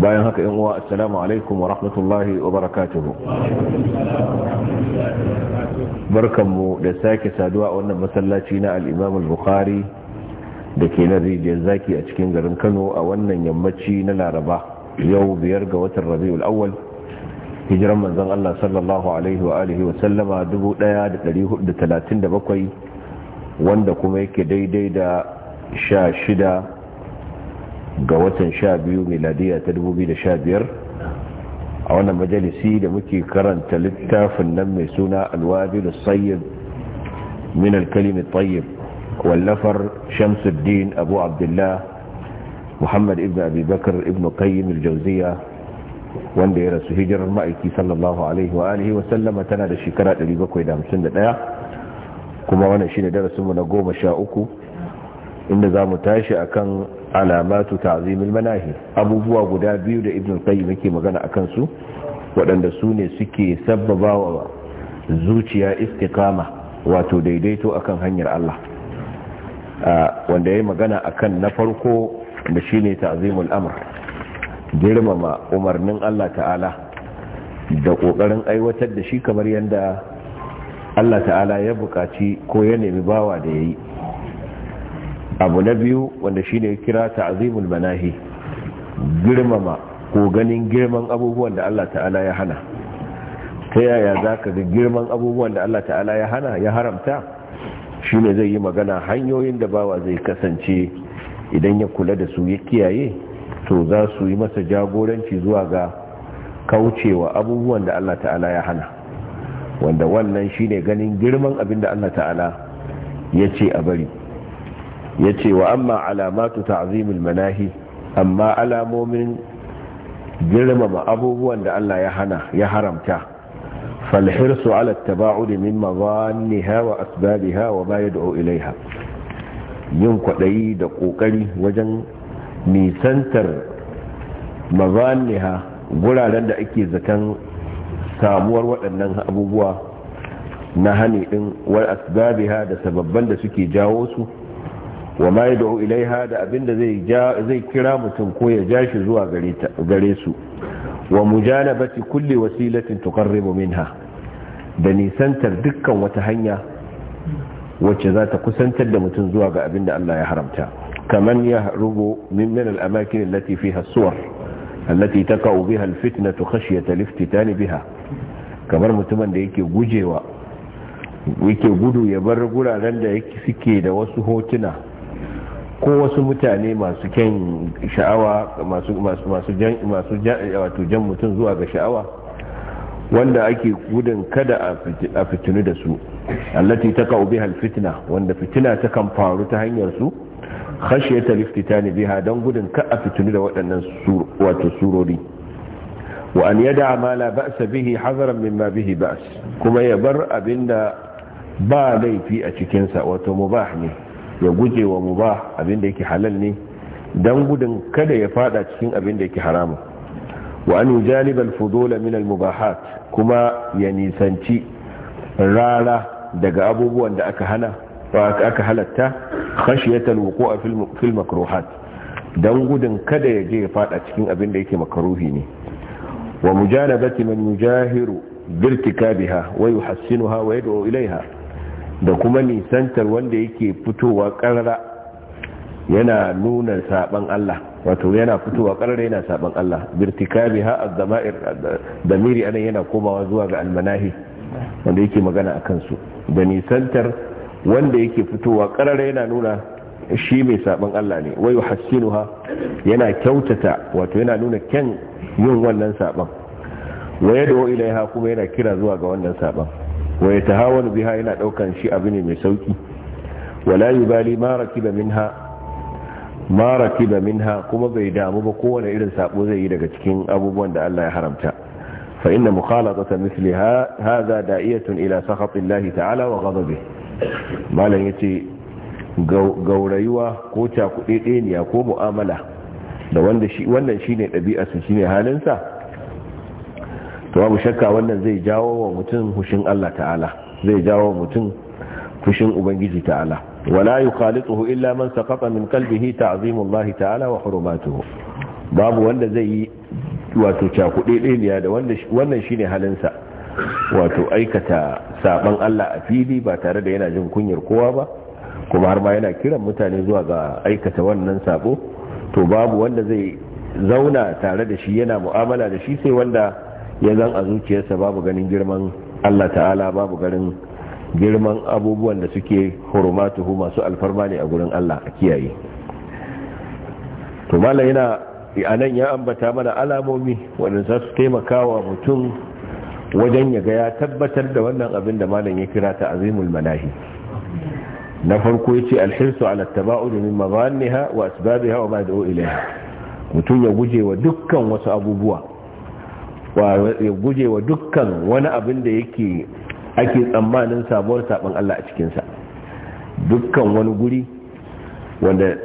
bayan haka yan uwa assalamu alaikum wa rahmatullahi wa barakatuhu barkanmu da sake saduwa a wannan masallaci na al-Imam al-Bukhari da ke na rijiyar zaki a cikin garin Kano a wannan yammaci na Laraba yau biyar ga watan Rabiul Awwal hijiran manzon Allah sallallahu alaihi wa alihi wa sallama 1437 wanda kuma yake daidai da 16 ga watan sha biyu miladiya ta dubu biyu da sha biyar a wannan majalisi da muke karanta littafin nan mai suna alwabil sayyid min alkalimi tayyib wallafar shamsuddin abu abdullah muhammad ibn abubakar ibn qayyim aljawziya wanda ya rasu hijirar ma'aiki sallallahu alaihi wa alihi sallama tana da shekara 751 kuma wannan shine darasinmu na goma sha uku inda za mu tashi akan تعظيم المناهي manahi abubuwa guda biyu da ibn القيم yake magana akan su waɗanda su ne suke sabbabawa zuciya istiqama wato daidaito akan hanyar Allah wanda yayi magana akan na farko da shine ta'zimul amr girmama umarnin Allah ta'ala da kokarin aiwatar da shi kamar yanda Allah ta'ala ya bukaci ko ya nemi bawa da yayi abu na biyu wanda shi ne kira ta'azimul manahi girmama ko ganin girman abubuwan da Allah ta'ala ya hana ta yaya za ka ga girman abubuwan da Allah ta'ala ya hana ya haramta shi ne zai yi magana hanyoyin da bawa zai kasance idan ya kula da su ya kiyaye to za su yi masa jagoranci zuwa ga kaucewa abubuwan da Allah ta'ala ya hana wanda wannan shi ne ganin girman abin da Allah ta'ala ya ce a bari ya ce wa amma alamatu ta'zimul manahi amma alamomin girmama abubuwan da Allah ya hana ya haramta falhirsu ala taba'udi min mazanniha wa asbabiha wa ma yad'u ilaiha yin kwadayi da kokari wajen nisantar mazanniha guraren da ake zaton samuwar waɗannan abubuwa na hani din wa asbabiha da sababban da suke jawo su wa ma ya da'u ilaiha da abinda zai kira mutum ko ya ja shi zuwa gare su wa mujanabati kulle wasilatin tuqarribu minha da nisantar dukkan wata hanya wacce za ta kusantar da mutum zuwa ga abinda Allah ya haramta kaman ya rubo min min al-amakin allati fiha as-suwar allati taqa'u biha al-fitnatu khashyata al biha kamar mutumin da yake gujewa yake gudu ya bar guraren da suke da wasu hotuna ko wasu mutane masu kyan sha'awa masu jan mutum zuwa ga sha'awa wanda ake gudun kada a fitinu da su allati ta kawo bihal wanda fitina ta kan faru ta hanyar su khashiyata liftitani biha don gudun ka a fitinu da waɗannan wato surori wa an da ma la ba'sa bihi hazaran mimma bihi ba'as kuma ya bar abinda ba laifi a cikinsa wato mubah ne ya guje wa mubah abin da yake halal ne dan gudun kada ya fada cikin abin da yake haramun wa an yujalib al-fudul min al-mubahat kuma ya nisanci rara daga abubuwan da aka hana aka halatta khashiyat al-wuqu' fil makruhat dan gudun kada ya je ya fada cikin abin da yake makaruhi ne wa mujanabati man yujahiru birtikabiha wa yuhassinuha wa yad'u ilayha da kuma nisantar wanda yake fitowa karara yana nuna saban Allah wato yana fitowa karara yana saban Allah birtikabi ha az-zama'ir miri anan yana komawa zuwa ga almanahi wanda yake magana akan su da nisantar wanda yake fitowa karara yana nuna shi mai saban Allah ne wayu hasinuha yana kyautata wato yana nuna kyan yin wannan saban waya da ilaiha kuma yana kira zuwa ga wannan saban wa ya biha yana daukan shi abu ne mai sauki wala yubali ma rakiba minha minha kuma bai damu ba kowane irin sabo zai yi daga cikin abubuwan da Allah ya haramta fa inna mukhalatata misliha hadha da'iyatun ila sakhatillahi ta'ala wa ghadabi malam yace gaurayuwa ko cakudedeniya ko mu'amala da wanda shi wannan shine dabi'arsa shine halinsa to babu shakka wannan zai jawo wa mutum hushin Allah ta'ala zai jawo mutum fushin ubangiji ta'ala wala yukhalituhu illa man saqata min qalbihi ta'zimullahi ta'ala wa hurumatuhu babu wanda zai yi wato cakuɗe da wannan shine halin sa wato aikata saban Allah a fili ba tare da yana jin kunyar kowa ba kuma har ma yana kiran mutane zuwa ga aikata wannan sabo to babu wanda zai zauna tare da shi yana mu'amala da shi sai wanda ya zan a zuciyarsa babu ganin girman Allah ta'ala babu ganin girman abubuwan da suke hurumatuhu masu alfarma ne a gurin Allah a kiyaye to mala yana anan ya ambata mana alamomi waɗanda su taimaka mutum wajen ya ga ya tabbatar da wannan abin da malam ya kira ta azimul manahi na farko ya ce alhirsu ala taba'udu min mabaniha wa asbabiha wa ma da'u ilaiha mutum ya guje wa dukkan wasu abubuwa ya guje wa dukkan wani abin da yake ake tsammanin sabuwar saɓon Allah a cikinsa dukkan wani guri wanda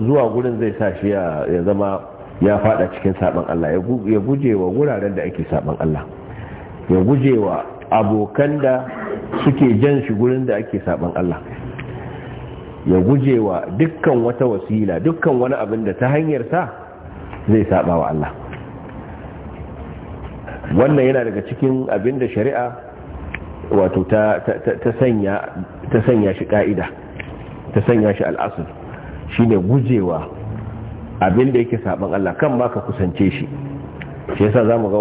zuwa gurin zai sa shi ya zama ya fada cikin saɓon Allah ya guje wa wuraren da ake saɓon Allah ya guje wa abokan da suke jan shi gurin da ake saɓon Allah ya guje wa dukkan wata wasila dukkan wani abin da ta hanyar sa zai saɓa wa Allah wannan yana daga cikin abin da shari'a wato ta sanya shi ka'ida ta sanya shi al'asir shine gujewa abin da yake saban Allah kan ma ka kusance shi shi yasa mu ga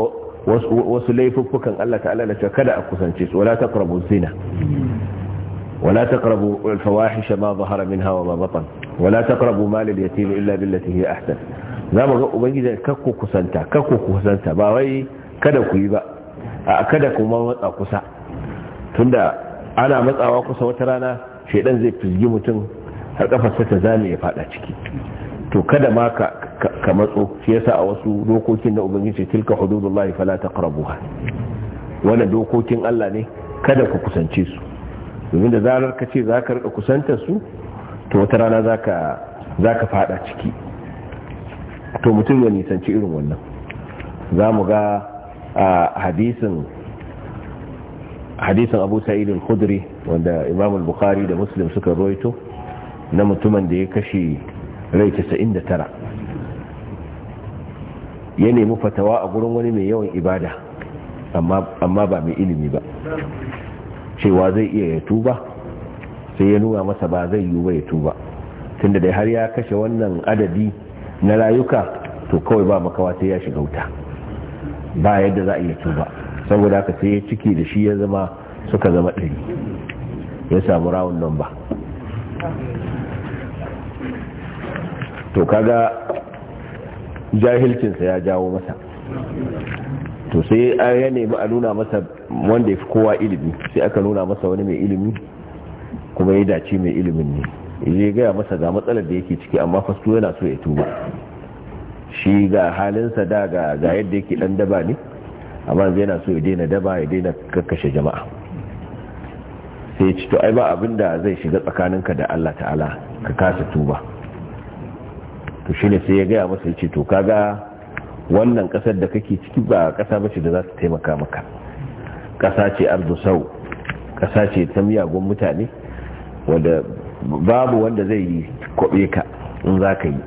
wasu laifuffukan Allah ta'ala da cewa kada a kusance su wala taqrabu zina wala taqrabu al-fawahish ma zahara minha wa ma batan wala taqrabu mal al-yatim illa billati hi ahsan mu ga ubangiji kakku kusanta kakku kusanta ba wai kada ku yi ba a kada kuma matsa kusa tunda ana matsawa kusa wata rana shaidan zai fizgi mutum har kafarsa ta zame ya fada ciki to kada ma ka ka matso shi yasa a wasu dokokin na ubangiji tilka hududullahi fala taqrabuha wannan dokokin Allah ne kada ku kusance su domin da zarar ka ce za rika kusantar su to wata rana zaka zaka fada ciki to mutum ya nisanci irin wannan za mu ga hadisin hadisin abu sa'id al-khudri wanda imam al-bukhari da muslim suka roito na mutumin da ya kashe rai 99 ya nemi fatawa a gurin wani mai yawan ibada amma ba mai ilimi ba cewa zai iya ya tuba sai ya nuna masa ba zai yi ba ya tuba tunda da har ya kashe wannan adadi na rayuka to kawai ba makawa sai ya shiga wuta ba yadda za a iya tuba saboda haka sai ya ciki da shi ya zama suka zama ɗari ya samu rawun nan ba to kaga jahilcinsa ya jawo masa to sai ya nemi a nuna masa wanda ya fi kowa ilimi sai aka nuna masa wani mai ilimi kuma ya dace mai ilimin ne ya gaya masa ga matsalar da yake ciki amma fasto yana so ya tuba shi ga halinsa da ga yadda yake dan daba ne amma zai na so ya daina daba ya daina kakkashe jama'a sai ci to ai ba abin da zai shiga tsakaninka da Allah ta'ala ka kasa tuba to shi ne sai ya gaya masa ya ce to kaga wannan kasar da kake ciki ba kasa bace da za ta taimaka maka kasa ce arzu kasa ce ta miyagun mutane wanda babu wanda zai yi ka in za ka yi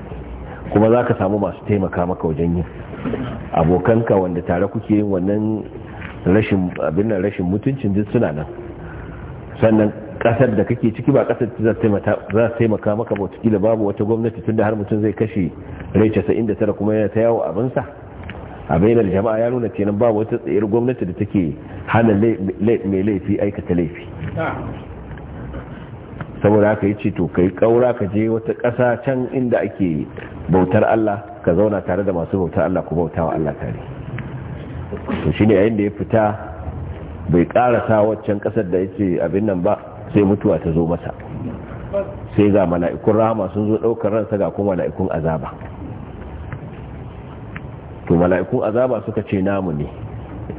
kuma za ka samu masu taimaka maka wajen yin abokanka wanda tare kuke yin wannan rashin abin rashin mutuncin duk suna nan sannan kasar da kake ciki ba kasar za ta taimaka maka ba wata babu wata gwamnati tunda har mutum zai kashe rai tara kuma yana ta yawo abinsa a bainar jama'a ya nuna kenan babu wata tsayar gwamnati da take hana mai laifi aikata laifi saboda haka yace to kai kaura ka je wata ƙasa can inda ake bautar Allah ka zauna tare da masu bautar Allah ku bautawa Allah tare to shine yayin da ya fita bai karasa waccan ƙasar da yace abin nan ba sai mutuwa ta zo masa sai ga mala'ikun rahama sun zo daukar ransa ga kuma mala'ikun azaba to mala'ikun azaba suka ce namu ne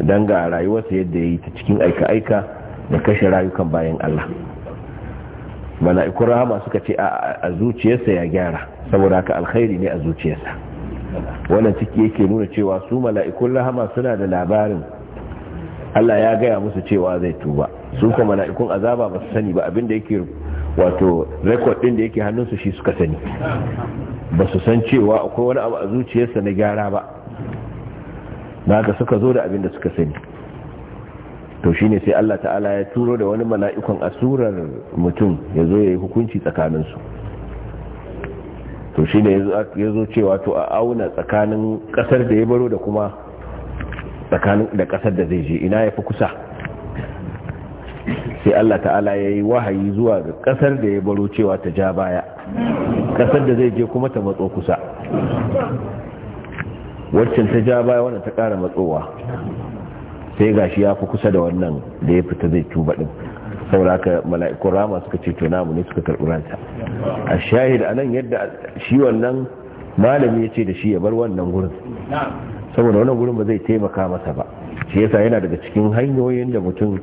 dan ga rayuwarsa yadda yayi ta cikin aika-aika da kashe rayukan bayan Allah mala'ikun rahama suka ce a zuciyarsa ya gyara saboda haka alkhairi ne a zuciyarsa wannan ciki yake nuna cewa su mala'ikun rahama suna da labarin Allah ya gaya musu cewa zai tuba su kuma mala'ikun azaba ba su sani ba abinda yake wato rekod din da yake hannunsu shi suka sani ba su san cewa akwai wani abu a zuciyarsa na gyara ba da suka zo da abinda suka sani to shine sai Allah ta'ala ya turo da wani mala'ikon asurar mutum ya zo ya yi hukunci tsakaninsu to shine ya zo cewa to a auna tsakanin kasar da ya baro da kuma tsakanin da kasar da zai je ina ya fi kusa sai Allah ta'ala ya yi wahayi zuwa ga kasar da ya baro cewa ta ja baya kasar da zai je kuma ta matso kusa waccan ta ja baya wanda ta kara matsowa sai ga shi ya fi kusa da wannan da ya fita zai tuba ɗin saboda haka mala'ikun rama suka ce to namu ne suka karɓi ranta a shahid anan yadda shi wannan malami ya ce da shi ya bar wannan gurin saboda wannan gurin ba zai taimaka masa ba shi yasa yana daga cikin hanyoyin da mutum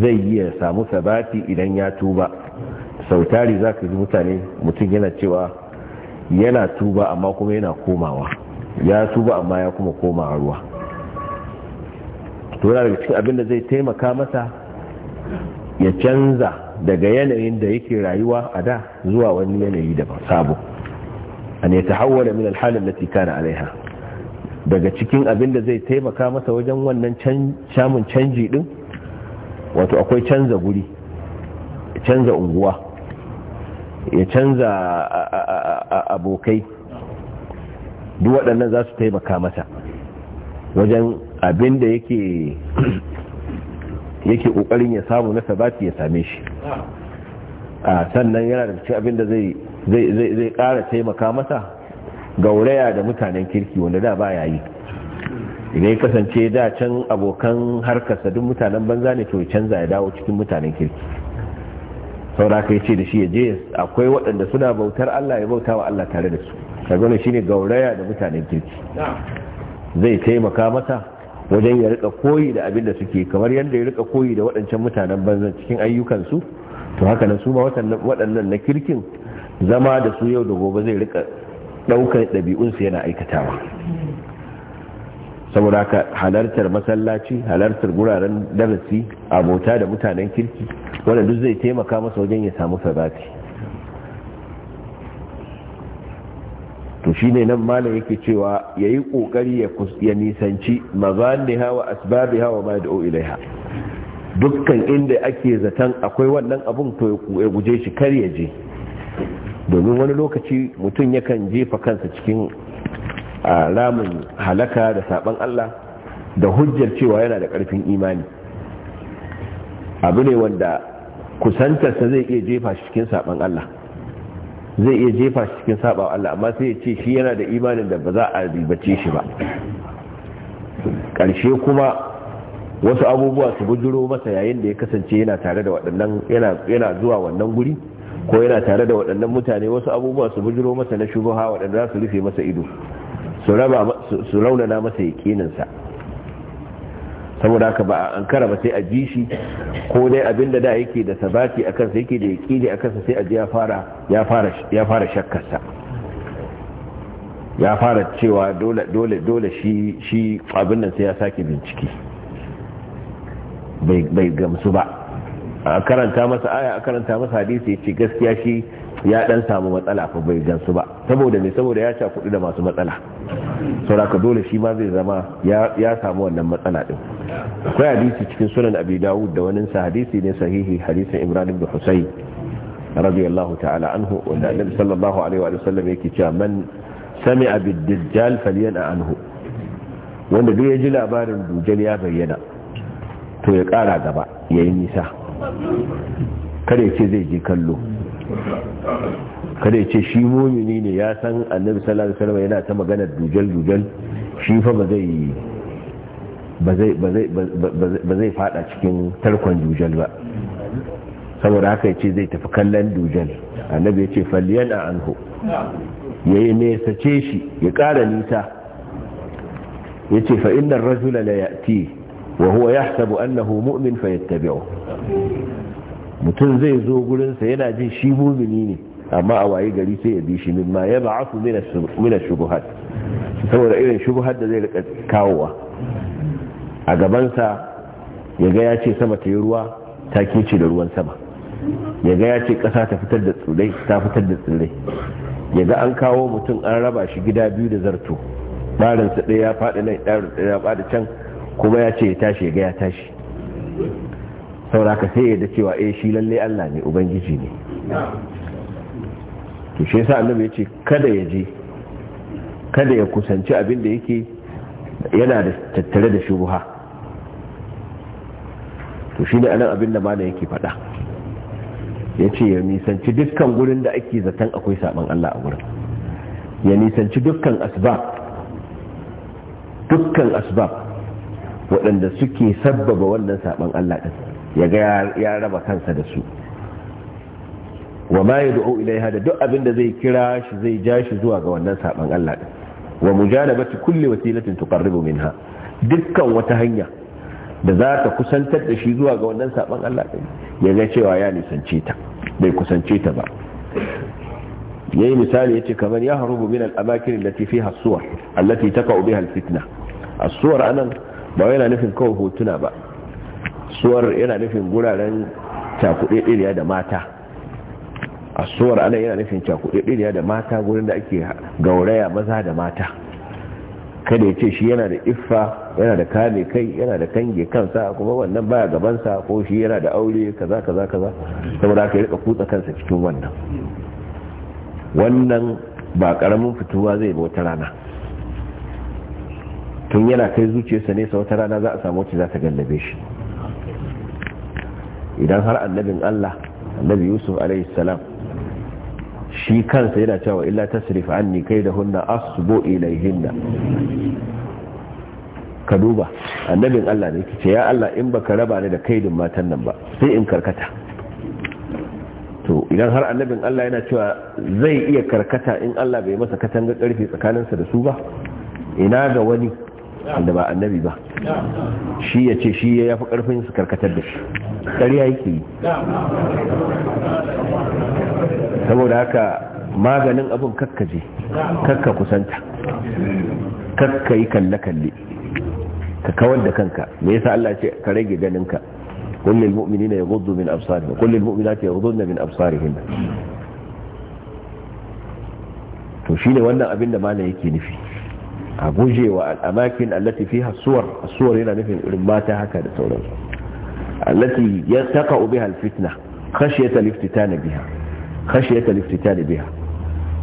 zai yi ya samu sabati idan ya tuba sau tari za ka ji mutane mutum yana cewa yana tuba amma kuma yana komawa ya tuba amma ya kuma komawa ruwa to daga cikin abin da zai taimaka masa ya canza daga yanayin da yake rayuwa a da zuwa wani yanayi da sabo an ya tahawwala min alhalin lati kana alaiha daga cikin abin da zai taimaka masa wajen wannan samun canji din wato akwai canza guri canza unguwa ya canza abokai duk waɗannan za su taimaka masa wajen abinda yake yake kokarin ya samu na sabati ya same shi a sannan yana da cikin abinda zai zai zai kara taimaka masa gauraya da mutanen kirki wanda da ba yayi idan ya kasance da can abokan harkarsa duk mutanen banza ne to ya canza ya dawo cikin mutanen kirki saura yi ce da shi ya je akwai waɗanda suna bautar Allah ya bauta wa Allah tare da su kagwani shi ne gauraya da mutanen kirki zai taimaka masa wajen ya rika koyi da abin da suke kamar yadda ya rika koyi da waɗancan mutanen banza cikin ayyukansu to haka nan su ma waɗannan na kirkin zama da su yau da gobe zai rika ɗaukar ɗabi'unsu yana aikatawa saboda haka halartar masallaci halartar guraren darasi abota da mutanen kirki wanda duk zai taimaka masa wajen ya samu sadati to shi ne nan malam yake cewa ya yi kokari ya nisanci mazanni hawa Asbabi hawa ma yad'u ilaiha dukkan inda ake zaton akwai wannan abun to ya guje shi kar ya je domin wani lokaci mutum yakan jefa kansa cikin ramin halaka da saban Allah da hujjar cewa yana da karfin imani abu ne wanda kusantarsa zai iya jefa shi cikin saban Allah zai iya jefa shi cikin saba Allah amma sai ya ce shi yana da imanin da ba za a ribace shi ba ƙarshe kuma wasu abubuwa su bujiro masa yayin da ya kasance yana tare da waɗannan yana zuwa wannan guri ko yana tare da waɗannan mutane wasu abubuwa su bujiro masa na shugaba waɗanda za su rufe masa ido su raunana masa sa. saboda haka ba a ankara ba sai a ji shi ko dai abinda da yake da sabati akan sai yake da ne akan sai a ji ya fara ya fara ya fara shakkar sa ya fara cewa dole dole dole shi shi abin nan sai ya sake bincike bai bai gamsu ba a karanta masa aya a karanta masa hadisi ce gaskiya shi ya dan samu matsala fa bai gansu ba saboda me saboda ya kudi da masu matsala sauraka dole shi ma zai zama ya samu wannan matsala din akwai hadisi cikin sunan abi dawud da wani hadisi ne sahihi hadisin ibrahim ibn husayn radiyallahu ta'ala anhu wanda annabi sallallahu alaihi wa sallam yake cewa man sami'a bid dajjal falyana anhu wanda duk ya ji labarin dujjal ya bayyana to ya kara gaba yayin nisa kada ya ce zai je kallo kada ya ce shi mumini ne ya san annabi sallallahu alaihi wasallam yana ta magana dujal dujal shi fa ba zai ba zai fada cikin tarkon dujal ba saboda haka ya ce zai tafi kallon dujal annabi ya ce falliyan a anhu ya yi ce shi ya ƙara nisa ya ce fa'inar rajula la ya'ti wa huwa ya sabu annahu mu'min fa yattabi'u mutum zai zo gurinsa yana jin shi mumini ne amma a waye gari sai ya bi shi min ma ya ba'asu min shubuhat saboda irin shubuhat da zai rika kawowa a gabansa ya ga ya ce sama ta yi ruwa ta kece da ruwan sama ya ga ya ce ƙasa ta fitar da tsirrai ta fitar da tsirrai ya ga an kawo mutum an raba shi gida biyu da zarto barinsa ɗaya ya faɗi nan ɗaya ya faɗi can kuma ya ce ya tashi ya ga ya tashi sauraka sai yadda cewa eh shi lalle Allah ne ubangiji ne to shi yasa ya ce kada ya je kada ya kusanci abin da yake yana da tattare da shubha to shi ne anan abin da mana yake faɗa ce ya nisanci dukkan gurin da ake zaton akwai sabon Allah a gurin ya nisanci dukkan asbab dukkan asbab waɗanda suke sabbaba wannan sabon Allah ɗin. ya ga ya raba kansa da su wa ma yad'u ilaiha da duk abin da zai kira shi zai ja shi zuwa ga wannan saban Allah din wa mujalabati kulli wasilatin tuqarribu minha dukkan wata hanya da za ta kusantar da shi zuwa ga wannan saban Allah din ya ga cewa ya nisance ta bai kusance ta ba yayi misali yace kamar ya harubu min al-amakin allati fiha as-suwar allati taqa'u biha al-fitna as-suwar anan ba yana nufin kawai hotuna ba suwar yana nufin guraren cakuɗe da mata a suwar ana yana nufin cakuɗe da mata gurin da ake gauraya maza da mata kada ya ce shi yana da iffa yana da kame kai yana da kange kansa kuma wannan baya gabansa ko shi yana da aure kaza kaza kaza saboda aka rika kutsa kansa cikin wannan wannan ba karamin fituwa zai ba wata rana tun yana kai zuciyarsa ne sa wata rana za a samu wacce za ta gallabe shi idan har annabin Allah annabi Yusuf a.s. shi kansa yana cewa illa kai da anni asub'o ilaihin da, ka duba annabin Allah ne ce ya Allah in ba ka raba ni da kaidin matan nan ba sai in karkata to idan har annabin Allah yana cewa zai iya karkata in Allah bai masa katangar karfe tsakaninsa da su ba ina ga wani wanda ba annabi ba shi ya ce shi ya yafi karfin su karkatar da shi ƙarya yake yi saboda haka maganin abin kakkaje kakka kusanta kakka yi kalle-kalle ka kawar da kanka me yasa Allah ce ka rage ganinka kullil mu'minina yaghuddu min absarihim kullil ya yaghudduna min absarihim to shine wannan abin da malam yake nufi a guje wa al'amakin allati fiha suwar suwar yana nufin irin mata haka da sauransu allati ya taka biha alfitna khashiyata liftitana biha khashiyata liftitana biha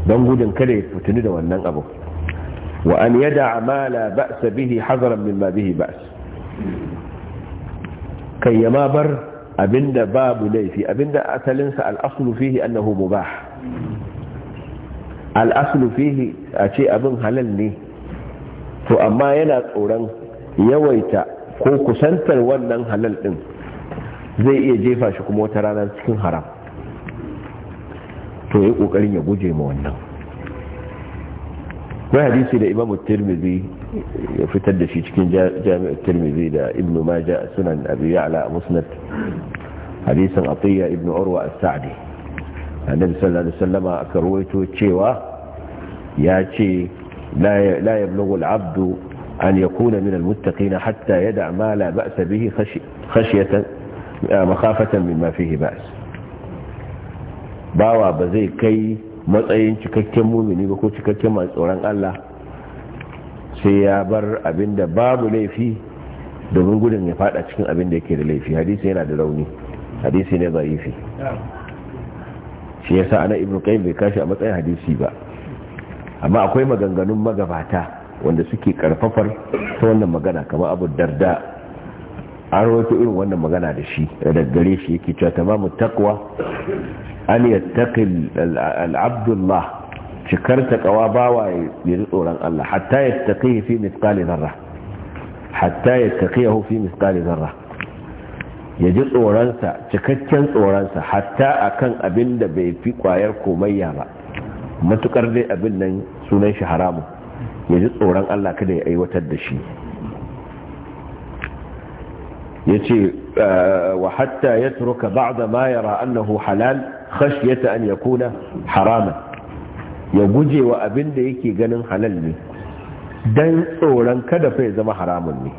don gudun kada ya fitini da wannan abu wa an yada ma la ba'sa bihi hazaran mimma bihi ba's kai ya ma bar abinda babu laifi abinda asalinsa al'aslu fihi annahu mubah al'aslu fihi a ce abin halal ne to amma yana tsoron yawaita ko kusantar wannan halal din zai iya jefa shi kuma wata rana cikin haram to ya kokarin ya guje ma wannan wai hadisi da imamu tirmidhi ya fitar da shi cikin jami'ar tirmidhi da ibnu maja a sunan abu ya'la a musnad hadisin atiyya ibnu urwa as-sa'di annabi sallallahu alaihi wasallama aka ruwaito cewa ya ce لا يبلغ العبد أن يكون من المتقين حتى يدع ما لا بأس به خشية مخافة مما فيه بأس باوا بزي كي matsayin cikakken mumini ba ko cikakken masu tsoron Allah sai ya bar abinda babu laifi domin gudun ya fada cikin abin da yake da laifi hadisi yana da rauni hadisi ne zarifi shi yasa ana ibnu bai kashi a matsayin hadisi ba amma akwai maganganun magabata wanda suke karfafar ta wannan magana kamar abu darda an rawaito irin wannan magana da shi da gare shi yake cewa tamamu takwa? an yattaqi al-abdullah cikar ba wa ya tsoron Allah hatta ya fi mithqali dharra hatta yattaqihu fi mithqali dharra ya ji tsoronsa cikakken tsoronsa hatta akan abin da bai fi kwayar komayya ba matukar dai abin nan sunan shi haramun ya ji tsoron Allah kada ya aiwatar da shi ya ce ah, wa hatta ya turuka ba'da ma yara annahu halal khashyata an yakuna haraman ya guje wa abin da yake ganin halal ne dan tsoron kada fa ya zama haramun ne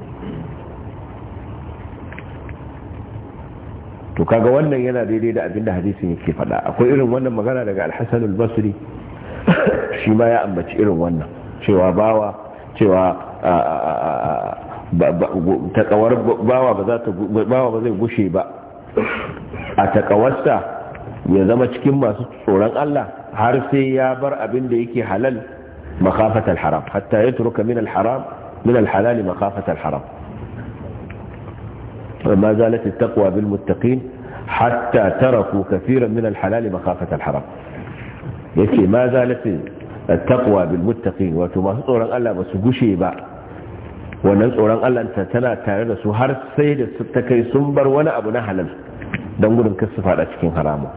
to kaga wannan yana daidai da abin da hadisin yake faɗa akwai irin wannan magana daga al-Hasan al-Basri shi ma ya ambaci irin wannan cewa bawa cewa ta kawar bawa ba za ta bawa ba zai gushe ba a takawarsa ya zama cikin masu tsoron Allah har sai ya bar abin da yake halal makafat haram hatta ya turuka min alharam min alhalali makafata alharam ma zalat taqwa bil muttaqin hatta taraku kaseeran min alhalali makafat alharam yace ma zalatin taqwa bil muttaqin wato masu tsoron Allah ba su gushe ba wannan tsoron Allah ta tana tare da su har sai da su ta kai sun bar wani abu na halal don gudun kasu su fada cikin haramu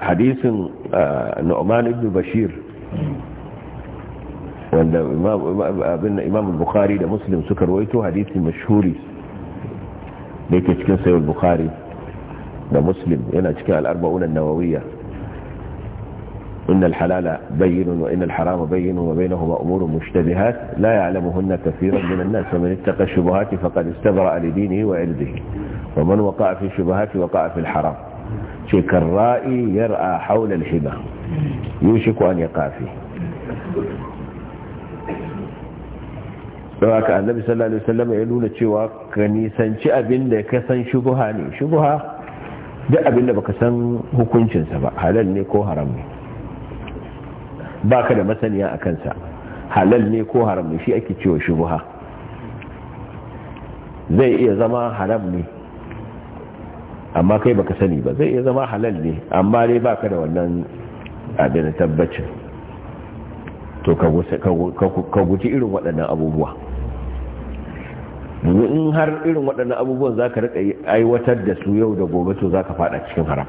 hadisin Nu'man ibn Bashir wanda imam bukari da muslim suka ruwaito hadisi mashuri da yake cikin sayar bukari. ده مسلم هنا cikin al'arba'un an إن الحلال بين وإن الحرام بين وبينهما أمور مشتبهات لا يعلمهن كثيرا من الناس ومن اتقى الشبهات فقد استبرأ لدينه وعرضه ومن وقع في الشبهات وقع في الحرام شك الرائي يرأى حول الحبة يوشك أن يقع فيه لذلك النبي صلى الله عليه وسلم يقولون cewa ka nisanci كسا شبهاني شبهه duk abin da baka san hukuncinsa ba halal ne ko haram ne baka da masaniya a kansa halal ne ko haram ne shi ake cewa shubuha zai iya zama haram ne amma kai baka sani ba zai iya zama halal ne amma dai baka da wannan abin tabbacin to ka guji irin waɗannan abubuwa yanzu in har irin waɗannan abubuwan za ka riƙa aiwatar da su yau da gobe to za ka fada cikin haram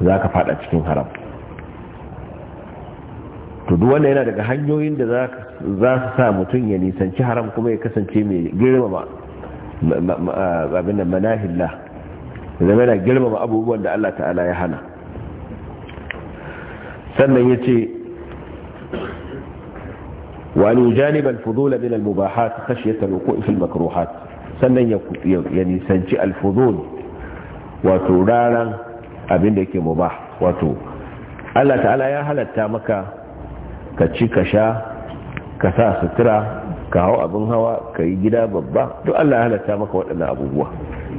za ka fada cikin haram to duk yana daga hanyoyin da za su sa mutum ya nisanci haram kuma ya kasance mai girmama abin da zama yana girmama abubuwan da Allah ta'ala ya hana sannan ya ce وأن يجانب الفضول من المباحات خشية الوقوع في المكروهات sannan ya nisanci sanci alfuzul wato ranar abin da yake muba wato Allah ta'ala ya halatta maka ka ci ka sha ka sa sutura ka hau abin hawa ka yi gida babba duk Allah ya halatta maka waɗannan abubuwa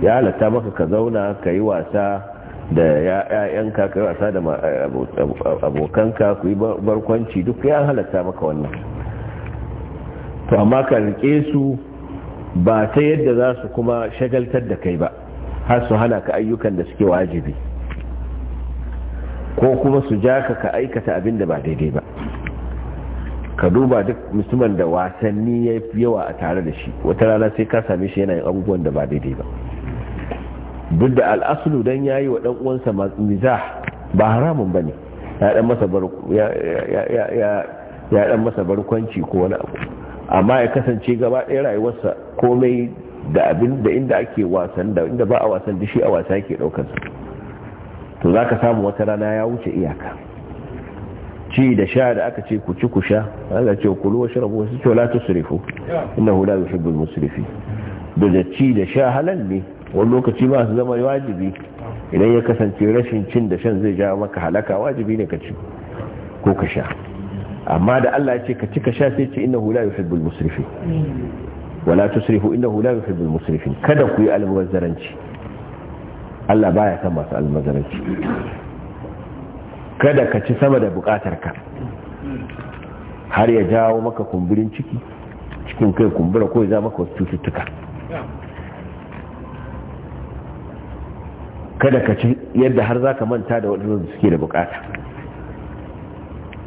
ya halatta maka ka zauna ka yi wasa da ya'yanka ka yi wasa da abokanka ku yi barkwanci duk ya halatta maka wannan to amma ka rike su ba ta yadda za su kuma shagaltar da kai ba har su hana ka ayyukan da suke wajibi ko kuma su ja ka ka aikata abin da ba daidai ba ka duba duk musulman da wasanni ya yawa a tare da shi wata rana sai ka same shi yana yin abubuwan da ba daidai ba duk da al'asulu don ya yi wa ɗan uwansa mizah ba haramun ba ne ya ɗan masa barkwanci ko wani abu amma ya kasance gaba ɗaya rayuwarsa komai da abin da inda ake wasan da inda ba a wasan da shi a wasa yake ɗaukar to za ka samu wata rana ya wuce iyaka ci da sha da aka ce ku ci ku sha aka ce ku luwa shirabu wasu ce la tusrifu hula hu la yuhibbul musrifin da ci da sha halal ne wani lokaci masu zama wajibi idan ya kasance rashin cin da shan zai ja maka halaka wajibi ne ka ci ko ka sha amma da Allah ya ce ka cika sha sai ce innahu la yuhibbul musrifin wala tusrifu innahu la yuhibbul musrifin kada ku yi almazaranci Allah baya san masu almazaranci kada ka ci sama da ka har ya jawo maka kumburin ciki cikin kai kumbura ko ya za maka wasu cututtuka kada ka ci yadda har za ka manta da waɗanda suke da bukata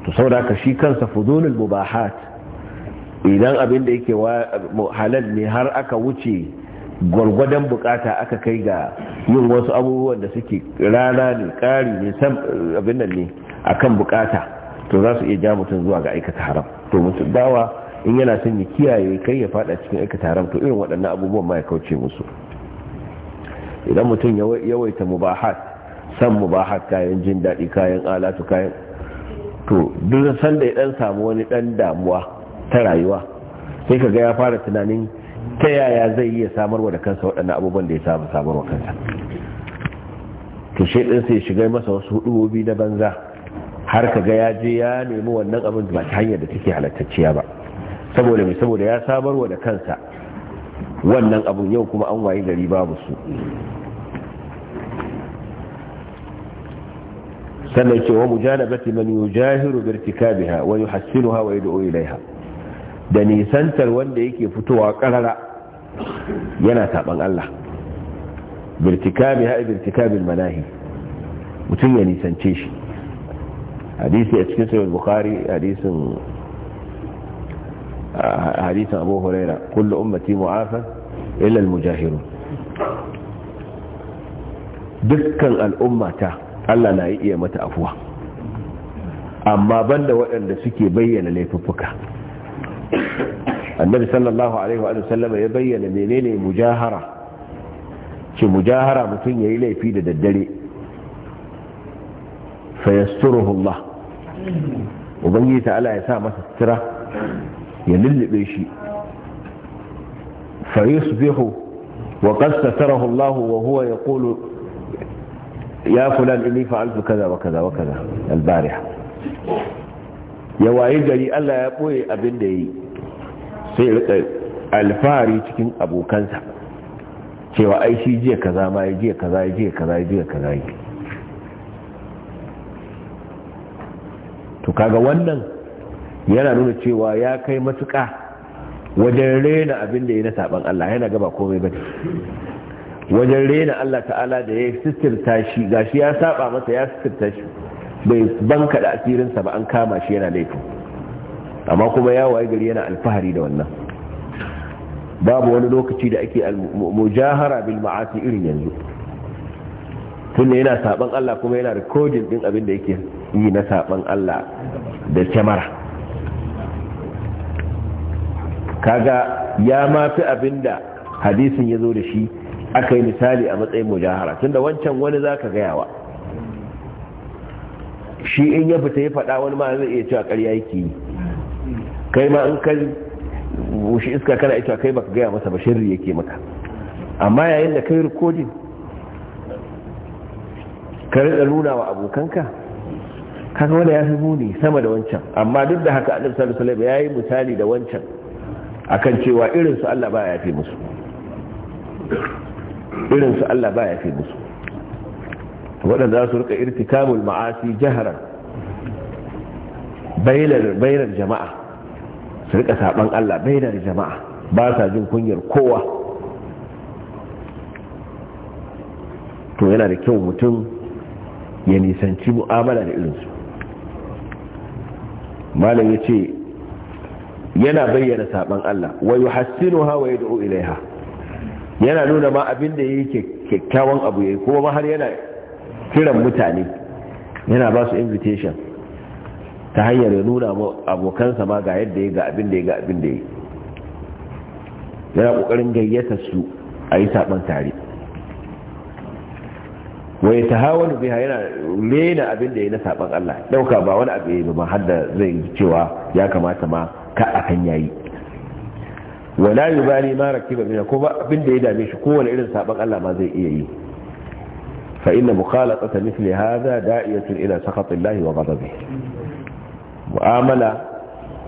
to saboda ka shi kansa fudulul mubahat idan abin da yake halal ne har aka wuce gwargwadon bukata aka kai ga yin wasu abubuwan da suke rana ne kari ne abin nan ne akan bukata to za su iya ja mutum zuwa ga aikata haram to mutum dawa in yana son ya kiyaye kai ya fada cikin aikata haram to irin waɗannan abubuwan ma ya kauce musu idan mutum yawaita mubahat san mubahat kayan jin daɗi kayan alatu kayan to duk sanda ya dan samu wani dan damuwa ta rayuwa sai kaga ya fara tunanin ta yaya zai iya samarwa da kansa waɗannan abubuwan da ya samu samarwa kansa to shi din sai shiga masa wasu hudubobi na banza har ka ga ya je ya nemi wannan abin ba ta hanyar da take halattacciya ba saboda mai saboda ya samarwa da kansa wannan abin yau kuma an waye gari babu su sannan ce wa mujanabati man yujahiru bi irtikabiha wa yuhassinuha wa yad'u ilaiha da nisantar wanda yake fitowa karara yana saban Allah bi irtikabiha bi irtikabil manahi mutum ya nisance shi hadisi a cikin sahih bukhari hadisin hadisin abu huraira kullu ummati mu'afa illa al mujahirun dukkan al'ummata Allah na yi iya mata afuwa amma banda waɗanda suke bayyana laifuffuka annabi sallallahu alaihi wa sallama ya bayyana menene mujahara ce mujahara mutum ya yi laifi da daddare fa yasturuhu Allah ubangiji ta'ala ya sa masa sutura ya lullube shi fa yusbihu wa qad satarahu Allah wa huwa yaqulu ya fulan inni fa'altu kaza wa kaza wa kaza albariha ya waye gari Allah ya boye abin da yi sai rika alfari cikin abokansa cewa ai shi jiya kaza ma yayi jiya kaza yayi jiya kaza yayi jiya kaza yayi to kaga wannan yana nuna cewa ya kai matuƙa wajen rena abin da ya na saban Allah yana gaba komai bane wajen rena Allah ta'ala da ya sitirta shi ga shi ya saba masa ya sitirta shi bai banka da asirinsa ba an kama shi yana laifin amma kuma ya waye gari yana alfahari da wannan babu wani lokaci da ake mujahara bil ma'asi irin yanzu tunda yana saban Allah kuma yana recording din abin da yake yi na saban Allah da kyamara kaga ya mafi abinda hadisin ya zo da shi aka yi misali a matsayin mujahara tunda wancan wani za ka gayawa shi in ya fita ya faɗa wani ma zai iya cewa karya yake yi kai ma in kai wushi iska kana ita kai baka gaya masa ba shirri yake maka amma yayin da kai rikodin ka rinda nuna wa abokanka kaga wanda ya fi muni sama da wancan amma duk da haka annabi sallallahu alaihi wasallam yayi misali da wancan akan cewa irin su Allah ba ya fi musu irin su Allah ba ya fi musu waɗanda za su rika irtikamul ma'asi jihar bayanar jama'a su rika saban Allah bayanar jama'a ba sa jin kunyar kowa to yana da kyau mutum ya nisanci mu'amala da irinsu malam ya ce yana bayyana saɓan Allah wa yuhassinuha wa yad'u ilaiha yana nuna ma abin da ya yi kyakkyawan abu ya yi, kuma har yana kiran mutane yana ba su invitation ta hanyar ya nuna abokansa ma ga yadda ya ga abin da ya ga abin da ya yi. yana kokarin gayyata su a yi saban tare wai ta hawa hawan biha yana rena abin da ya na saban Allah dauka ba wani abu ya yi ba har da zai cewa ya kamata ma ka akan yayi wala bari ma rakiba min ko ba abin da ya dame shi kowane irin sabon Allah ma zai iya yi fa inna mukhalatata mithli hadha da'iyatu ila sakhatillahi wa ghadabi mu'amala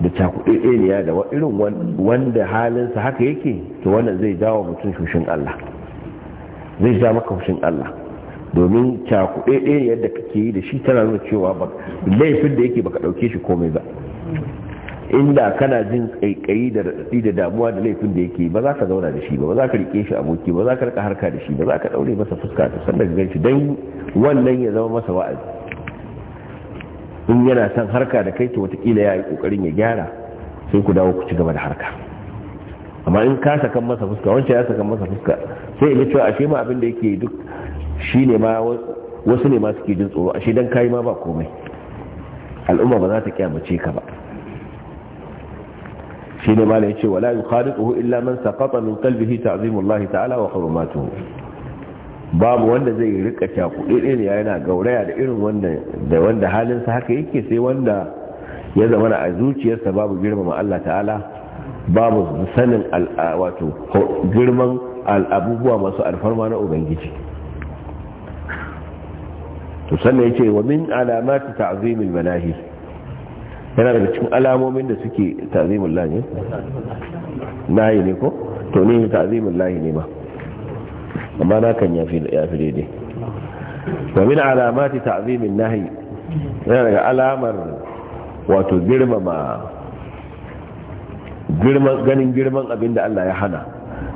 da ya da irin wanda halinsa haka yake to wannan zai dawo mutum shushin Allah zai ja maka shushin Allah domin ne yadda kake yi da shi tana nuna cewa ba. laifin da yake baka ɗauke shi komai ba inda kana jin kaikayi da radadi da damuwa da laifin da yake ba za ka zauna da shi ba ba za ka rike shi aboki ba za ka rika harka da shi ba za ka daure masa fuska ta san gan shi dan wannan ya zama masa wa'azi in yana son harka da kai to watakila ya yi kokarin ya gyara sai ku dawo ku ci gaba da harka amma in ka sakan masa fuska wancan ya sakan masa fuska sai ya cewa ashe ma abin da yake duk shi ne ma wasu ne ma suke jin tsoro ashe dan kayi ma ba komai al'umma ba za ta kyamace ka ba shi ne ya ce wala yukhadiquhu illa man saqata min qalbihi ta'zimullahi ta'ala wa hurmatuhu babu wanda zai rika cakuɗe ne yana gauraya da irin wanda da wanda halinsa haka yake sai wanda ya zama a zuciyarsa babu girmama Allah ta'ala babu sanin wato girman al'abubuwa masu alfarma na ubangiji to sannan yace wa min alamati ta'zimil manahi yana daga cikin alamomin da suke ta'zimin lahi nayi eh? ne ko to ne ta'zimin lahi ne ma amma na kan yafi yafi daidai domin min alamati ta'zimin lahi yana daga alamar wato girmama ganin girman abin da Allah ya hana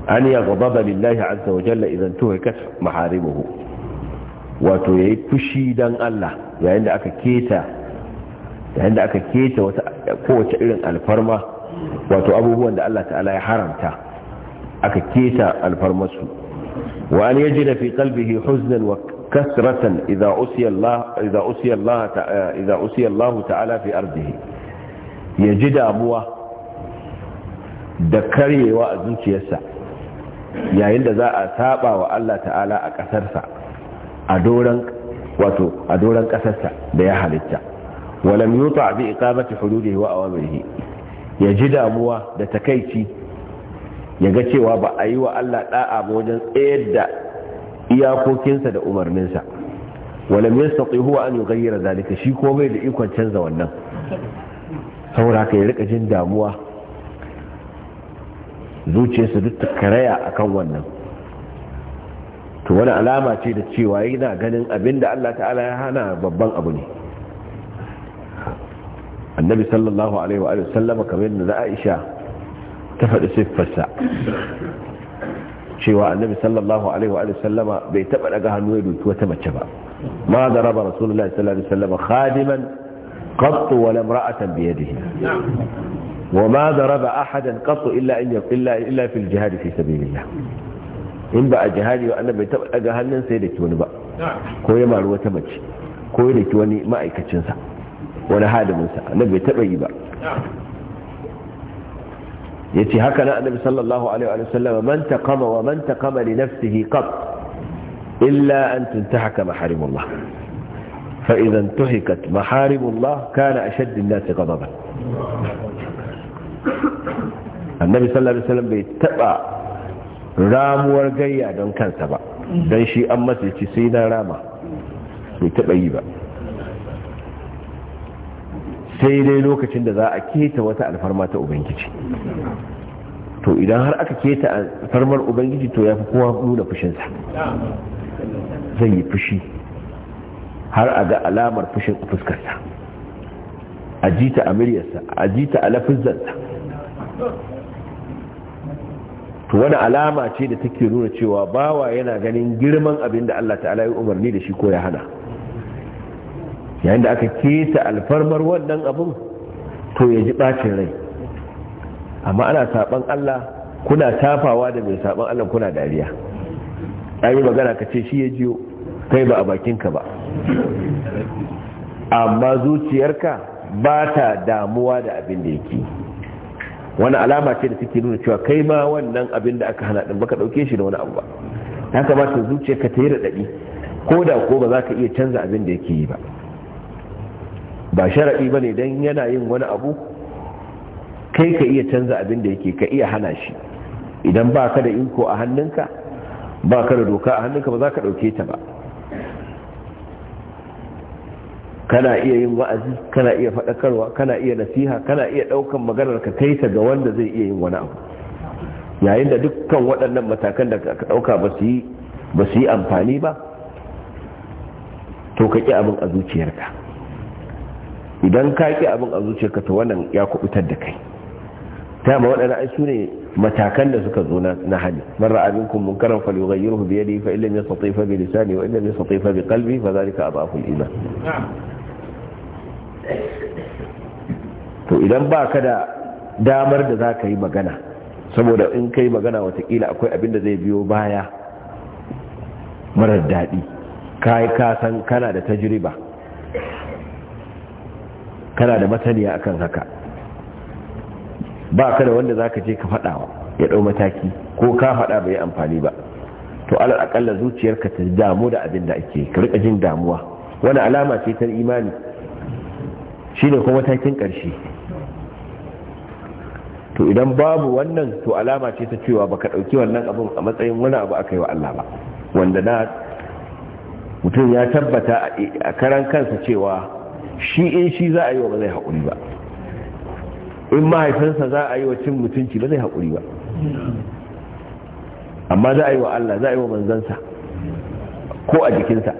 an ya gababa lillahi azza wa jalla idan tuhikat maharimuhu wato yayi fushi dan Allah yayin da aka keta yayin da aka keta wata kowace irin alfarma wato abubuwan da Allah ta'ala ya haramta aka keta alfarmasu wa an yajida fi qalbihi huznan wa kasratan idza usiya Allah idza ta'ala fi ardihi ji damuwa da karyewa a zuciyarsa yayin da za a saba wa Allah ta'ala a kasarsa a doran wato a kasarsa da ya halitta walam a bi iqamati hududihi wa awamirihi ya ji damuwa da takaici ya ga cewa ba a yi wa Allah da'a ba wajen tsayar da iyakokinsa da umarninsa walam yastati huwa an yughayyira zalika shi ko bai da ikon canza wannan saboda ka ya rika jin damuwa zuciyarsa duk ta karaya akan wannan to wani alama ce da cewa yana ganin abinda Allah ta'ala ya hana babban abu ne annabi sallallahu alaihi wa sallama kamar yadda Aisha ta faɗi siffarsa cewa annabi sallallahu alaihi wa sallama bai taɓa daga hannu ya duki wata mace ba ma raba rasulullahi sallallahu alaihi wa sallama khadiman qattu wa lam ra'atan bi yadihi wa ma daraba ahadan qattu illa in illa illa fil jihad fi sabilillah in ba a jihadi ba annabi bai taɓa daga hannun sai da ki wani ba ko ya maru wata mace ko ya da ki wani ma'aikacinsa wani hadiminsa annabi bai taɓa yi ba yace haka na annabi sallallahu alaihi wa sallam man taqama wa man taqama li nafsihi qat illa an tuntahaka maharimullah fa idan tuhikat maharimullah kana ashadd an-nas ghadaban annabi sallallahu alaihi wa sallam bai taba ramuwar gayya don kansa ba dan shi an masa ce sai na rama bai taba yi ba sai dai lokacin da za a keta wata alfarma ta ubangiji to idan har aka keta alfarmar ubangiji to ya fi kowa nuna fushinsa zai yi fushi har a ga alamar fushin fuskarsa a ji ta a muryarsa a ji ta a lafizzarsa to wani alama ce da take nuna cewa bawa yana ganin girman abin da Allah ta'ala ya umarni da shi ko ya hana yayin da aka keta alfarmar wannan abun to ya ji bacin rai amma ana saban Allah kuna tafawa da mai saban Allah kuna dariya an yi magana ka ce shi ya jiyo kai ba a bakinka ba amma zuciyarka ba ta damuwa da abin da yake wani alama ce da take nuna cewa kai ma wannan abin da aka hana din baka dauke shi da wani abu ba ya kamata zuciyarka ta yi raɗaɗi ko da ko ba za ka iya canza abin da yake yi ba ba sharaɗi ba ne don yana yin wani abu kai ka iya canza abin da yake ka iya hana shi idan ba ka da inko a hannunka ba ka da doka a hannunka ba za ka ɗauke ta ba kana iya yin wa'azi kana iya faɗakarwa kana iya nasiha kana iya ɗaukan maganar ka kai ta ga wanda zai iya yin wani abu yayin da dukkan waɗannan matakan da ka ɗauka ba su yi amfani ba to ka ƙi abin a zuciyarka idan ka ƙi abin a zuciyarka ta wannan ya kubutar da kai ta ma waɗanda ai su ne matakan da suka zo na hali abin kun man ra'a minkum munkaran falyughayyirhu da yi fa illam yastati fa bi lisani wa illam yastati fa bi qalbi fa dhalika adhafu al-iman to idan ba ka da damar da za ka yi magana saboda in ka yi magana watakila akwai abin da zai biyo baya marar daɗi ka yi kasan kana da tajiriba kana da masaniya akan haka ba ka da wanda zaka je ka faɗawa ya ɗau mataki ko ka faɗa bai amfani ba to alal akalla zuciyarka ta damu da abin da ake ka rika jin damuwa wani alama ce ta imani shine kuma matakin ƙarshe to idan babu wannan to alama ce ta cewa baka ɗauki wannan abin a matsayin wani abu aka yi wa Allah ba wanda na mutum ya tabbata a karan kansa cewa shi in shi za a yi wa ba zai haƙuri ba in mahaifinsa za a yi wa cin mutunci ba zai haƙuri ba amma za a yi wa Allah za a yi wa manzansa ko a jikinsa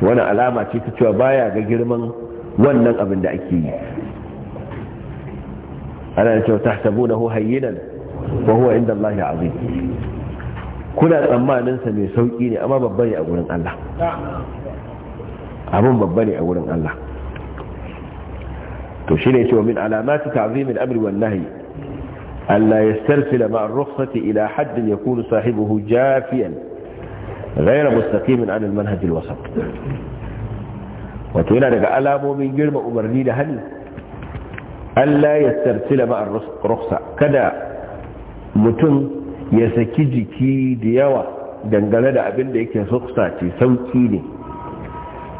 to wani alama ce ta cewa baya ga girman wannan abin da ake yi ana da cewa ho, hayyinan ba huwa inda Allah ya azim kuna tsammaninsa mai sauki ne amma babban ne a gurin Allah abun babba ne a wurin Allah to shi ne wa min alamati ta'zimin amri wan nahyi alla yastarsila ma'a ar-rukhsati ila haddin yakunu sahibuhu jafiyan ghayra mustaqimin 'ala al-manhaj al-wasat wato yana daga alamomin girma umarni da hali alla yastarsila ma'a ar-rukhsa kada mutum ya saki jiki da yawa dangane da abin da yake rukhsa ce sauki ne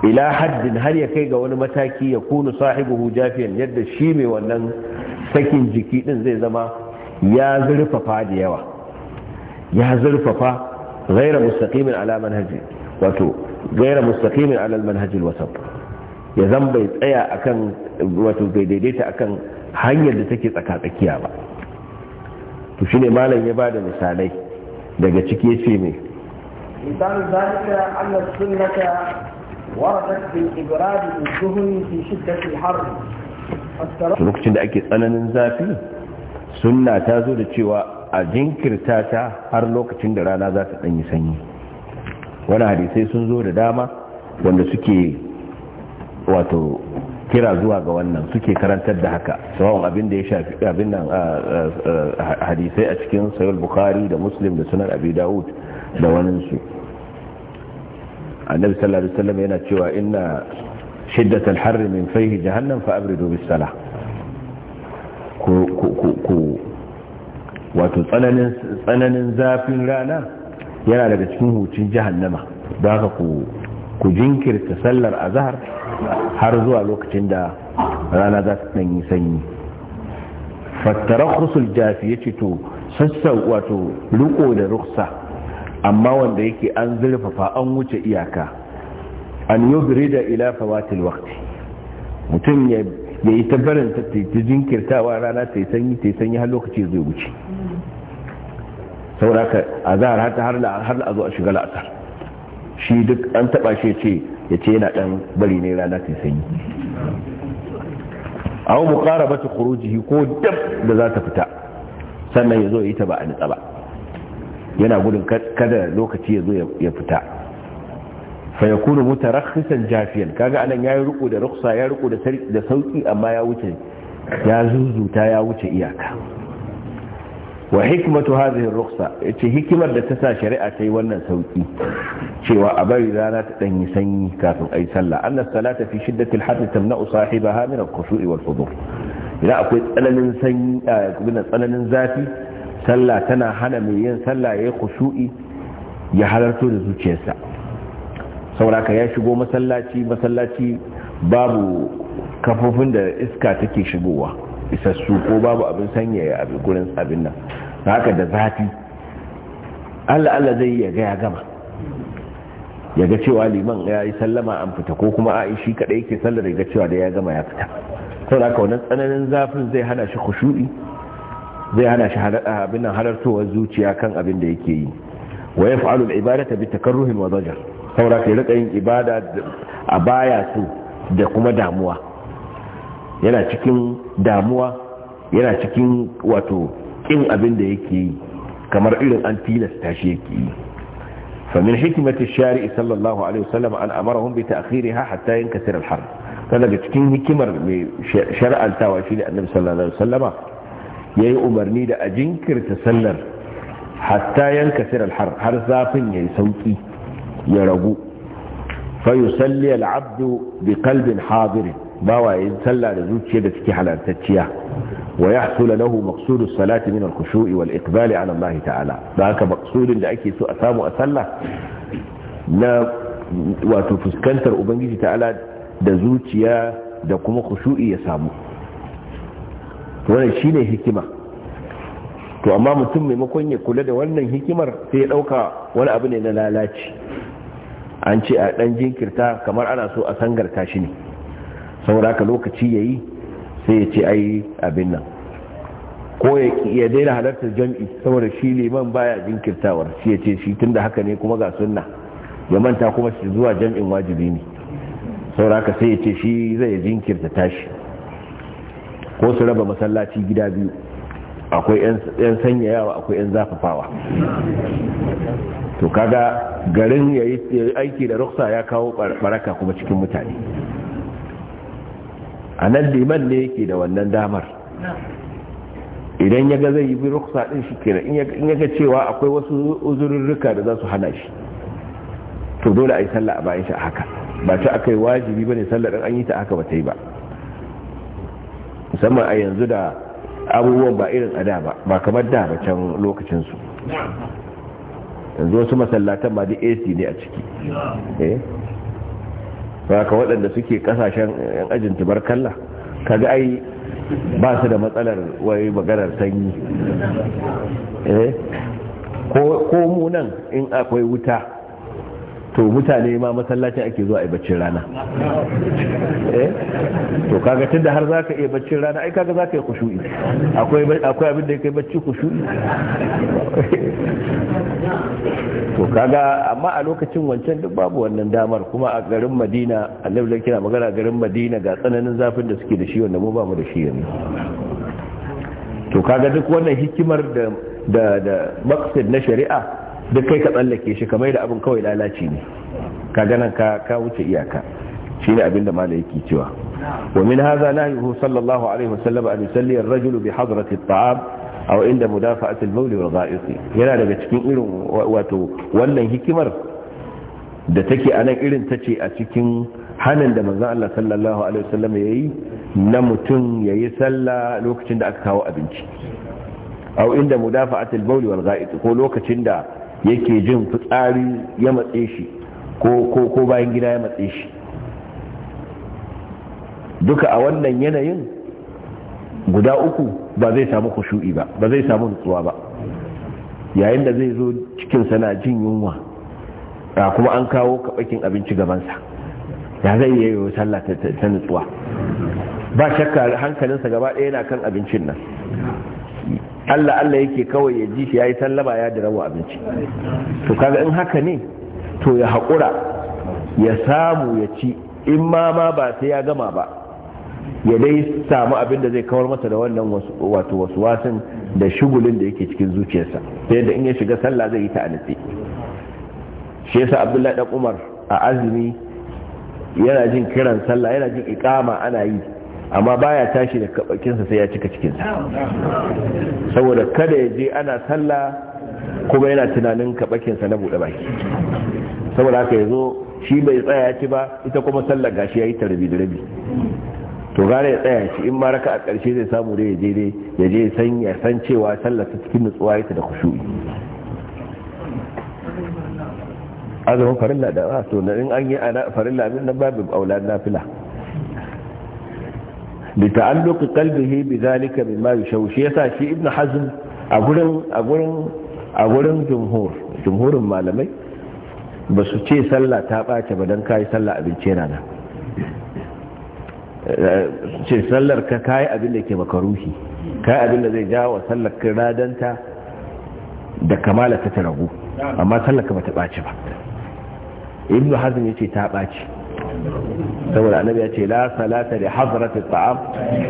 ila haddin har ya kai ga wani mataki ya kunu sahibu jafiyan yadda shi mai wannan sakin jiki din zai zama ya zurfafa da yawa ya zurfafa gaira mustaqimin ala manhaji wato gaira mustaqimin ala manhajil wasat ya zan bai tsaya akan wato bai daidaita akan hanyar da take tsaka tsakiya ba to shine malam ya bada misalai daga ciki yace me zalika sunnata وردت بالإبراد للدهن في شدة الحر lokacin da ake tsananin zafi sunna ta zo da cewa a jinkirta ta har lokacin da rana za ta ɗanyi sanyi wani hadisai sun zo da dama wanda suke wato kira zuwa ga wannan suke karantar da haka sawan abin da ya shafi abin nan hadisai a cikin sayar Bukhari da muslim da sunan abi dawud da waninsu annabi sallallahu alaihi wasallam yana cewa inna shiddatal harri min fayhi jahannam fa abridu bis salah ku ku ku wato tsananin tsananin zafin rana yana daga cikin hucin jahannama don haka ku ku jinkirta sallar azhar har zuwa lokacin da rana za ta yi sanyi fattara khusul jafi ce to sassa wato riko da ruksa amma wanda yake an zurfafa an wuce iyaka an da ila fawatil waqti mutum ya yi tabbarin ta jinkirtawa rana ta yi sanyi ta yi sanyi har lokaci zai wuce sauraka a zahar har a zo a shiga la'asar shi duk an taba shi ce ya ce yana dan bari ne rana ta yi sanyi a wani mukarabata kurujihi ko dab da za ta fita sannan ya zo ya yi ta ba a nitsa ba yana gudun kada lokaci ya zo ya fita fa ya kunu rakhisan jafiyan kaga anan yi riko da ruksa ya riko da sauki amma ya wuce ya zuzuta ya wuce iyaka wa hikmatu hadhihi ar-rukhsa yace hikimar da ta sa shari'a ta yi wannan sauki cewa a bari rana ta dan yi sanyi kafin ayi sallah anna salata fi shiddati al-harr tamna'u sahibaha min al-khushu'i wal-hudur idan akwai tsananin sanyi eh, tsananin zafi sallah tana hana mai yin sallah ya yi ya halarto da zuciyarsa sauraka ya shigo masallaci masallaci babu kafofin da iska take shigowa isassu ko babu abin sanyaya abin gurin abin nan haka da zafi allah allah zai ya gama ya ga cewa liman ya yi sallama an fita ko kuma aishi kaɗai ke sallar ya ga cewa da ya gama ya fita sauraka wannan tsananin zafin zai hana shi kushu'i zai hana shi abinan halartowar zuciya kan abin da yake yi wa ya fa'alul ibadata bi takarruhin wa dajar saboda ke raka yin ibada a baya su da kuma damuwa yana cikin wato ƙin abin da yake yi kamar irin an tilasta shi yake yi fa min hikmati shari sallallahu alaihi wasallam an amarahum bi ta'khiriha hatta yankasira al-harb kana cikin hikimar mai shar'antawa shine annabi sallallahu alaihi wasallama ya yi umarni da a jinkirta sallar hatta yanka sirar har har zafin ya yi sauki ya ragu fayu salli al'abdu bi kalbin hadirin bawa yin sallah da zuciya da suke halartacciya wa ya hasula lahu salati min al kushui wal iqbali ala Allah ta'ala da haka maqsudin da ake so a samu a sallah na wato fuskantar ubangiji ta'ala da zuciya da kuma kushu'i ya samu wannan shine hikima to amma mutum maimakon ya kula da wannan hikimar sai ya dauka wani abu ne na lalaci an ce a dan jinkirta kamar ana so a sangarta tashi ne saboda haka lokaci yayi sai ya ce ai abin nan ko ya daina halartar jam'i saboda shi liman baya jinkirtawar shi ya ce shi tunda haka ne kuma ga sunna ya manta kuma shi zuwa jam'in wajibi ne saboda haka sai ya ce shi zai jinkirta tashi ko su raba masallaci gida biyu akwai 'yan yawa akwai 'yan zafafawa to kaga garin ya yi aiki da ruksa ya kawo baraka kuma cikin mutane a nan liman ne yake da wannan damar idan ya ga zai yi bi ruksa din shi kenan in ya ga cewa akwai wasu uzururruka da za su hana shi to dole a yi sallah a bayan shi a haka ba ta aka yi wajibi ba ne sallah an yi ta haka ba ta yi ba musamman a yanzu da abubuwan ba irin ada ba ba kamar da ba can lokacinsu yanzu wasu masallatan ba da ac ne a ciki eh? ba ka waɗanda suke kasashen yan eh, ajin ka kaga ai ba su da matsalar wai maganar sanyi eh? ko mu nan in akwai wuta to mutane ma masallacin ake zuwa a baccin rana eh to kaga tunda har zaka iya baccin rana ai kaga zaka yi kushu'i akwai akwai abin da yake bacci kushu'i to kaga amma a lokacin wancan duk babu wannan damar kuma a garin Madina Allah da kira magana garin Madina ga tsananin zafin da suke da shi wanda mu ba mu da shi yanzu to kaga duk wannan hikimar da da da maqsad na shari'a duk kai ka tsallake shi kamar da abin kawai lalaci ne ka ganan ka ka wuce iyaka shine abinda malai yake cewa wa min hadha nahyuhu sallallahu alaihi wasallam an yusalli ar-rajulu bi hadrati at-ta'am aw inda mudafa'ati al-bawl wal gha'iti yana daga cikin irin wato wannan hikimar da take anan irin tace a cikin hanin da manzon Allah sallallahu alaihi wasallam yayi na mutum yayi sallah lokacin da aka kawo abinci aw inda mudafa'ati al-bawl wal gha'iti ko lokacin da yake jin fitsari ya matse shi ko bayan gida ya matse shi duka a wannan yanayin guda uku ba zai samu kushu'i ba ba zai samu nutsuwa ba yayin da zai zo cikin sana jin yunwa ga kuma an kawo kaɓakin abinci gabansa ya zai yi yau sallah ta nutsuwa ba shakka hankalinsa gaba ɗaya yana kan abincin nan Allah Allah yake kawai ya ji shi ya yi sallama ya rawa abinci to kaga in haka ne to ya haƙura ya samu ya ci in ma ma ba sai ya gama ba ya dai samu abin da zai kawar masa da wannan wato wasu wasan da shugulin da yake cikin zuciyarsa sai da in ya shiga sallah zai yi ta anitsi shi yasa abdullahi dan umar a azumi yana jin kiran sallah yana jin ikama ana yi amma baya tashi da kabakinsa sai ya cika cikinsa saboda kada ya je ana sallah kuma yana tunanin kabakinsa na buɗe baki saboda haka ya zo shi bai tsaya ya ci ba ita kuma sallar gashi ya yi ta rabi da rabi to gane ya tsaya shi in ma raka a ƙarshe zai samu dai ya je dai ya je san ya san cewa sallar ta cikin nutsuwa yake da khushu'i azumin farilla da ah, to in an yi farilla min nan babu aulan nafila bi ta'alluq qalbihi bi zalika bima yushawshi yasa shi ibnu hazm a gurin a gurin a gurin jumhur jumhurin malamai ba su ce sallah ta bace ba dan kai sallah na rana ce sallar ka kai abin da ke makaruhi kai abin da zai jawo sallar ka radanta da kamala ta ragu amma sallar ka ta bace ba ibnu hazm yace ta bace saboda annabi ya ce la salata li hadrati ta'am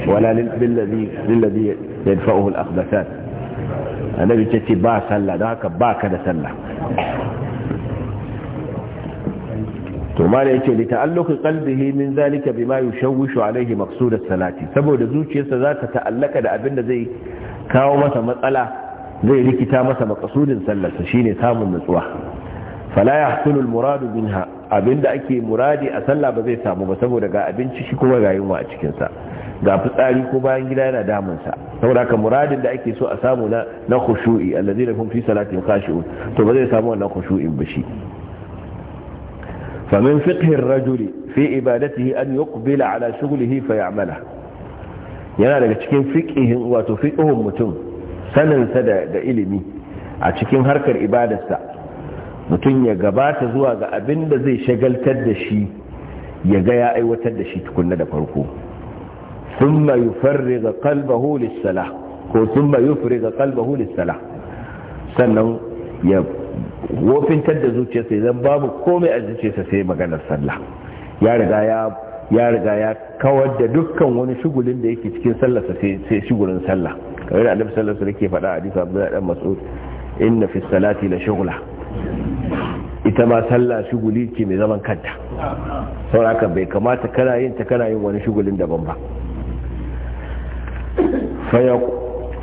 wala lillazi lillazi yadfa'uhu al-akhbathat annabi ya ce ba sallah don haka ba ka da sallah to ma da yake li ta'alluqi qalbihi min zalika bima yushawwishu alayhi maqsud as-salati saboda zuciyarsa za ta ta'allaka da abin da zai kawo masa matsala zai rikita masa maqsudin sallarsa shine samun nutsuwa fala yahsulu al-murad minha abinda ake muradi a sallah ba zai samu ba saboda ga abinci shi kuma ga yunwa a cikinsa ga fitsari ko bayan gida yana damunsa saboda haka muradin da ake so a samu na na khushu'i allazina hum fi salatin khashi'un to ba zai samu wannan khushu'in ba shi fa min fiqhi ar-rajuli fi ibadatihi an yuqbila ala shughlihi fa ya'mala yana daga cikin fiqhin wato fiqhun mutum sanin sa da ilimi a cikin harkar ibadarsa mutum ya gabata zuwa ga abin da zai shagaltar da shi ya ga ya aiwatar da shi tukunna da farko ثم ko قلبه للصلاة ثم يفرغ قلبه للصلاة sannan ya wofintar da zuciyarsa idan babu komai a zuciyarsa sai maganar sallah ya riga ya ya riga ya kawar da dukkan wani shugulin da yake cikin sallarsa sai shugulin sallah kamar da annabi sallallahu alaihi wasallam yake faɗa a hadisi abdullahi dan Mas'ud inna fi salati la shughla ita ma sallah shuguli ce mai zaman kanta sauraka bai kamata kana yin ta kana yin wani shugulin daban ba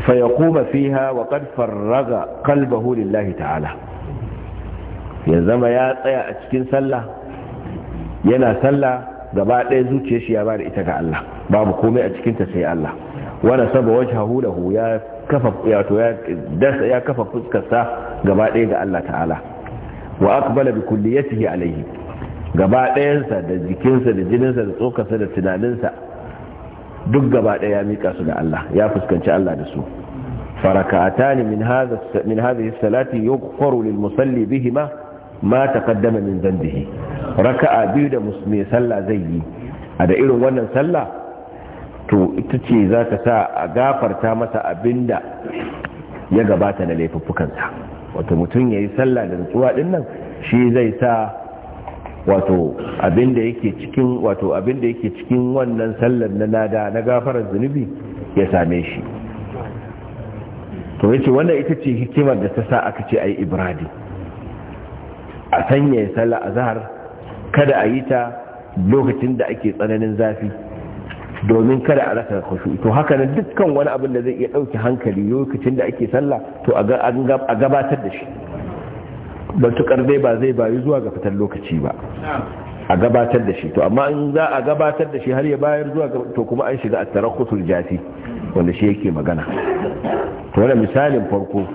fayakuma fiha wa qad farraga kalbahu lillahi ta'ala ya zama ya tsaya a cikin sallah yana sallah gaba ɗaya zuciyar shi ya bada ita ga Allah babu komai a cikin ta sai Allah wani nasaba wajhahu lahu ya kafa ya kafa fuskarsa gaba ɗaya ga Allah ta'ala wa aqbala bi kulliyatihi alayhi gaba ɗayansa da jikinsa da jininsa da tsokarsa da tunaninsa duk gaba ɗaya ya mika su ga Allah ya fuskanci Allah da su faraka'atan min hadha min hadhihi salati yughfaru lil musalli bihima ma taqaddama min dhanbihi raka'a biyu da musulmi sallah zai yi a da irin wannan sallah to ita ce za sa a gafarta masa abinda ya gabata na laifuffukansa wato mutum ya yi sallah da nutsuwa din nan shi zai sa wato da yake cikin wato da yake cikin wannan sallar na nada na gafarar zunubi ya same shi to yace wannan ita ce hikimar da ta sa aka ce ayi ibradi a sanya sallah zahar? kada a yi ta lokacin da ake tsananin zafi domin kada a rasa khushu to haka nan dukkan wani abin da zai iya ɗauki hankali lokacin da ake sallah to a gabatar da shi matuƙar dai ba zai bayu zuwa ga fitar lokaci ba a gabatar da shi to amma in za a gabatar da shi har ya bayar zuwa to kuma an shiga a tarakkusul jati wanda shi yake magana to wannan misalin farko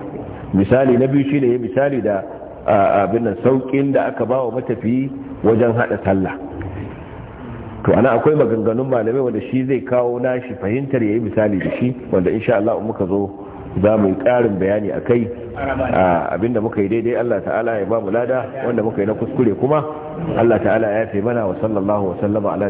misali na biyu shine misali da abin nan saukin da aka ba wa matafi wajen hada sallah to ana akwai maganganun malamai wanda shi zai kawo nashi fahimtar yayi misali da shi wanda insha Allah muka zo za mu yi ƙarin bayani a kai abinda muka yi daidai Allah ta'ala ya ba mu lada wanda muka yi na kuskure kuma Allah ta'ala ya fi mana wa sallallahu wa sallama ala